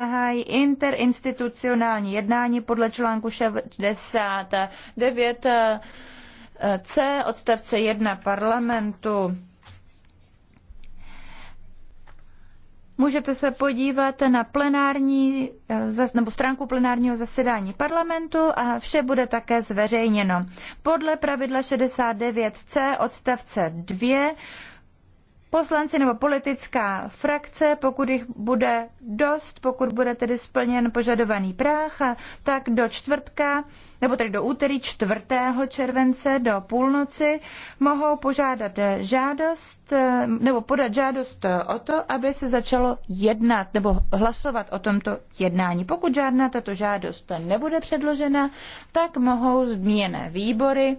zahájí interinstitucionální jednání podle článku 69 eh, C odstavce 1 parlamentu. Můžete se podívat na plenární, eh, nebo stránku plenárního zasedání parlamentu a vše bude také zveřejněno. Podle pravidla 69c odstavce 2 poslanci nebo politická frakce, pokud jich bude dost, pokud bude tedy splněn požadovaný práh, tak do čtvrtka, nebo tedy do úterý 4. července do půlnoci mohou požádat žádost, eh, nebo podat žádost o to, aby se začalo jednat nebo hlasovat o tomto jednání. Pokud žádná tato žádost nebude předložena, tak mohou zmíněné výbory